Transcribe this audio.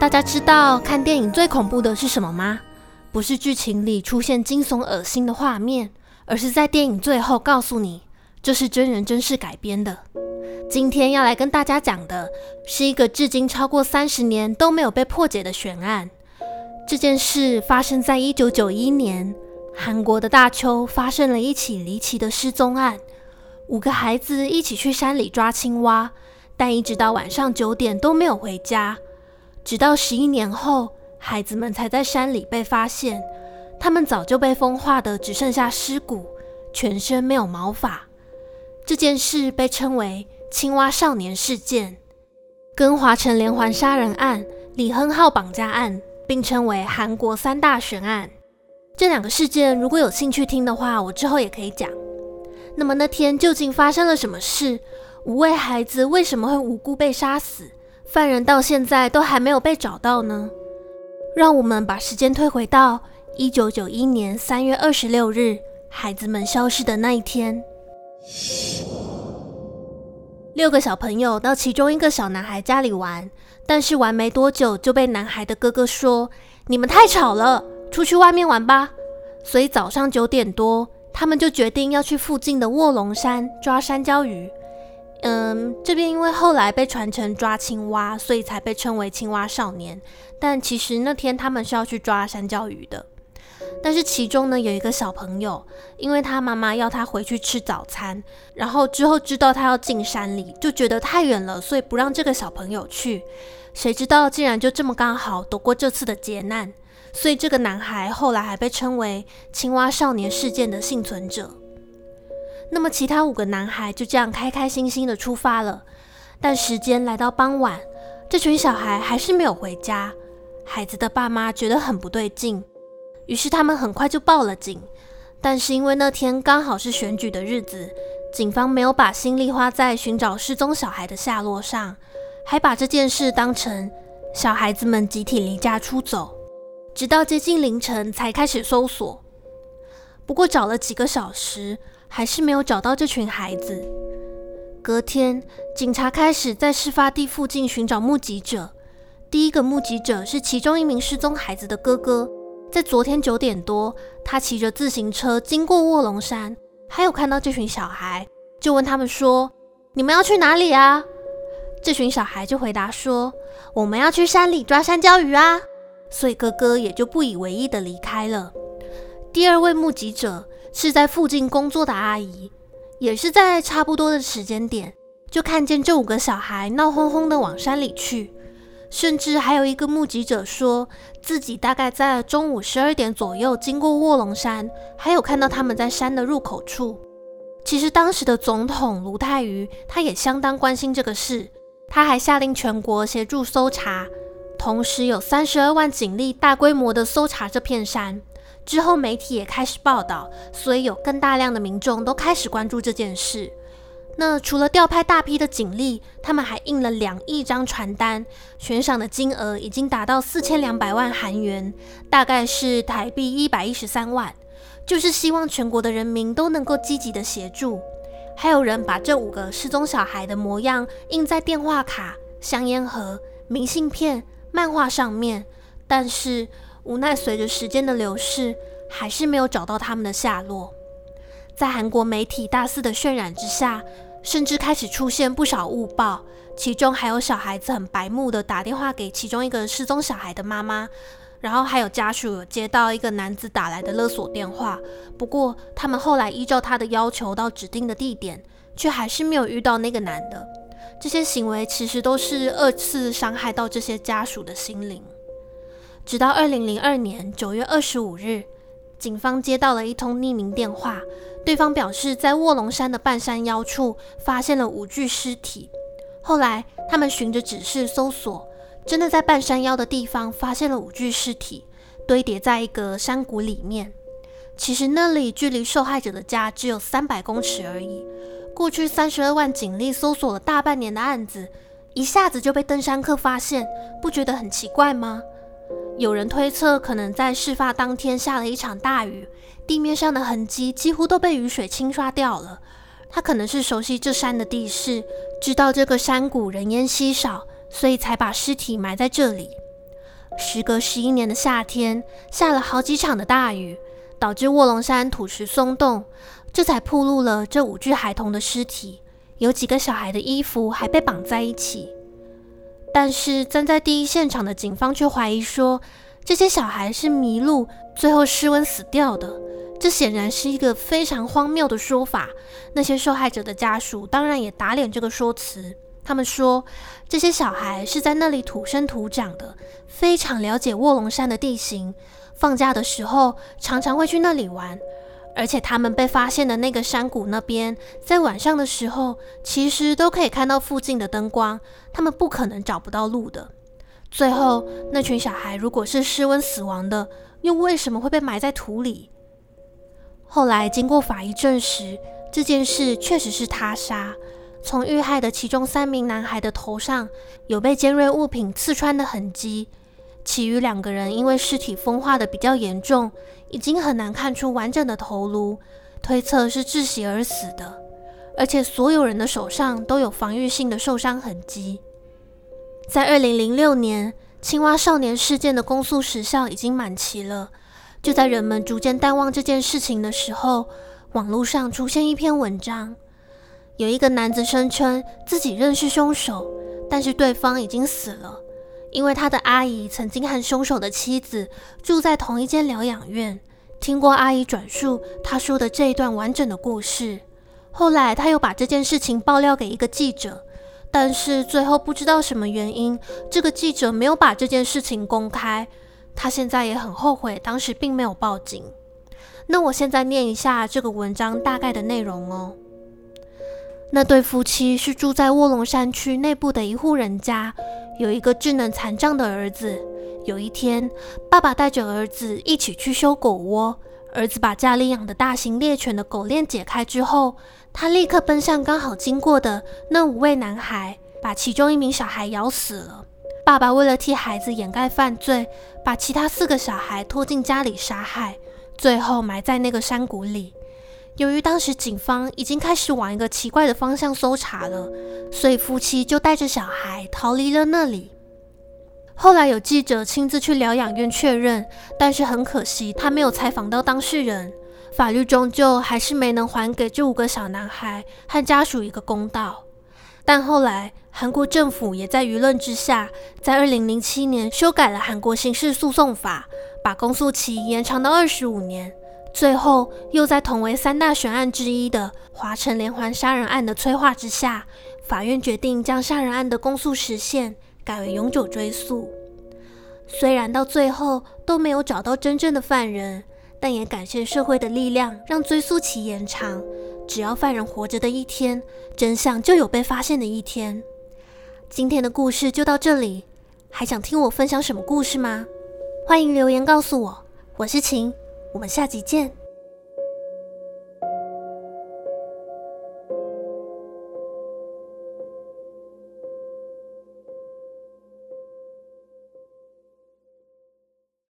大家知道看電影最恐怖的是什麼嗎？不是劇情裡出現驚悚、惡心的畫面，而是在電影最後告訴你，這是真人真事改編的。今天要來跟大家講的是一個至今超過三十年都沒有被破解的懸案。這件事發生在一九九一年，韓國的大邱發生了一起離奇的失蹤案。五個孩子一起去山裡抓青蛙，但一直到晚上九點都沒有回家。直到十一年後，孩子們才在山裡被發現，他們早就被風化得只剩下屍骨，全身沒有毛髮。這件事被稱為“青蛙少年事件”，跟華城連環殺人案、李亨浩綁架案並稱為韓國三大懸案。這兩個事件如果有興趣聽的話，我之後也可以講。那麼那天究竟發生了什麼事？五位孩子為什麼會無辜被殺死？犯人到現在都還沒有被找到呢。讓我們把時間退回到一九九一年三月二十六日，孩子們消失的那一天。六個小朋友到其中一個小男孩家裡玩，但是玩沒多久就被男孩的哥哥說：“你們太吵了，出去外面玩吧。”所以早上九點多，他們就決定要去附近的臥龍山抓山椒魚。嗯，這邊因為後來被傳成抓青蛙，所以才被稱為青蛙少年。但其實那天他們是要去抓山椒魚的。但是其中呢，有一個小朋友，因為他媽媽要他回去吃早餐，然後之後知道他要進山裡，就覺得太遠了，所以不讓這個小朋友去。誰知道竟然就這麼剛好躲過這次的劫難，所以這個男孩後來還被稱為青蛙少年事件的倖存者。那麼，其他五個男孩就這樣開開心心地出發了。但時間來到傍晚，這群小孩還是沒有回家。孩子的爸媽覺得很不對勁，於是他們很快就報了警。但是因為那天剛好是選舉的日子，警方沒有把心力花在尋找失蹤小孩的下落上，還把這件事當成小孩子們集體離家出走。直到接近凌晨才開始搜索，不過找了幾個小時。還是沒有找到這群孩子。隔天，警察開始在事發地附近尋找目擊者。第一個目擊者是其中一名失蹤孩子的哥哥。在昨天九點多，他騎着自行車經過臥龍山，還有看到這群小孩，就問他們說：“你們要去哪裡啊？”這群小孩就回答說：“我們要去山裡抓山椒魚啊。”所以哥哥也就不以為意地離開了。第二位目擊者是在附近工作的阿姨，也是在差不多的時間點就看見這五個小孩鬧哄哄地往山裡去。甚至還有一個目擊者說自己大概在中午十二點左右經過臥龍山，還有看到他們在山的入口處。其實當時的總統盧泰愚他也相當關心這個事，他還下令全國協助搜查，同時有三十二萬警力大規模地搜查這片山。之後，媒體也開始報道，所以有更大量的民眾都開始關注這件事。那除了調派大批的警力，他們還印了兩億張傳單，懸賞的金額已經達到四千兩百萬韓元，大概是台幣一百一十三萬，就是希望全國的人民都能夠積極的協助。還有人把這五個失蹤小孩的模樣印在電話卡、香菸盒、明信片、漫畫上面，但是。無奈，隨着時間的流逝，還是沒有找到他們的下落。在韓國媒體大肆的渲染之下，甚至開始出現不少誤報，其中還有小孩子很白目的打電話給其中一個失蹤小孩的媽媽，然後還有家屬有接到一個男子打來的勒索電話。不過，他們後來依照他的要求到指定的地點，卻還是沒有遇到那個男的。這些行為其實都是二次傷害到這些家屬的心靈。直到二零零二年九月二十五日，警方接到了一通匿名電話，對方表示在臥龍山的半山腰處發現了五具屍體。後來他們循着指示搜索，真的在半山腰的地方發現了五具屍體，堆疊在一個山谷裡面。其實那裡距離受害者的家只有三百公尺而已。過去三十二萬警力搜索了大半年的案子，一下子就被登山客發現，不覺得很奇怪嗎？有人推測，可能在事發當天下了一場大雨，地面上的痕跡幾乎都被雨水沖刷掉了。他可能是熟悉這山的地勢，知道這個山谷人煙稀少，所以才把屍體埋在這裡。時隔十一年的夏天，下了好幾場的大雨，導致臥龍山土石鬆動，這才暴露了這五具孩童的屍體。有幾個小孩的衣服還被綁在一起。但是站在第一現場的警方卻懷疑說，這些小孩是迷路，最後失溫死掉的。這顯然是一個非常荒謬的說法。那些受害者的家屬當然也打臉這個說辭。他們說，這些小孩是在那裡土生土長的，非常了解臥龍山的地形，放假的時候常常會去那裡玩。而且他們被發現的那個山谷那邊，在晚上的時候，其實都可以看到附近的燈光，他們不可能找不到路的。最後，那群小孩如果是失溫死亡的，又為什麼會被埋在土裡？後來經過法醫證實，這件事確實是他殺。從遇害的其中三名男孩的頭上，有被尖銳物品刺穿的痕跡。其餘兩個人因為屍體風化的比較嚴重，已經很難看出完整的頭顱，推測是窒息而死的。而且所有人的手上都有防禦性的受傷痕跡。在二零零六年，青蛙少年事件的公訴時效已經滿期了。就在人們逐漸淡忘這件事情的時候，網絡上出現一篇文章，有一個男子聲稱自己認識兇手，但是對方已經死了。因為他的阿姨曾經和兇手的妻子住在同一間療養院，聽過阿姨轉述他說的這一段完整的故事。後來他又把這件事情爆料給一個記者，但是最後不知道什麼原因，這個記者沒有把這件事情公開。他現在也很後悔當時並沒有報警。那我現在念一下這個文章大概的內容哦。那對夫妻是住在臥龍山區內部的一戶人家，有一個智能殘障的兒子。有一天，爸爸帶着兒子一起去修狗窩，兒子把家裡養的大型獵犬的狗鏈解開之後，他立刻奔向剛好經過的那五位男孩，把其中一名小孩咬死了。爸爸為了替孩子掩蓋犯罪，把其他四個小孩拖進家裡殺害，最後埋在那個山谷裡。由於當時警方已經開始往一個奇怪的方向搜查了，所以夫妻就帶着小孩逃離了那裡。後來有記者親自去療養院確認，但是很可惜他沒有採訪到當事人，法律終究還是沒能還給這五個小男孩和家屬一個公道。但後來，韓國政府也在輿論之下，在二零零七年修改了韓國刑事訴訟法，把公訴期延長到二十五年。最後，又在同為三大懸案之一的華城連環殺人案的催化之下，法院決定將殺人案的公訴時限改為永久追訴。雖然到最後都沒有找到真正的犯人，但也感謝社會的力量讓追訴期延長。只要犯人活着的一天，真相就有被發現的一天。今天的故事就到這裡，還想聽我分享什麼故事嗎？歡迎留言告訴我。我是晴。我們下集見。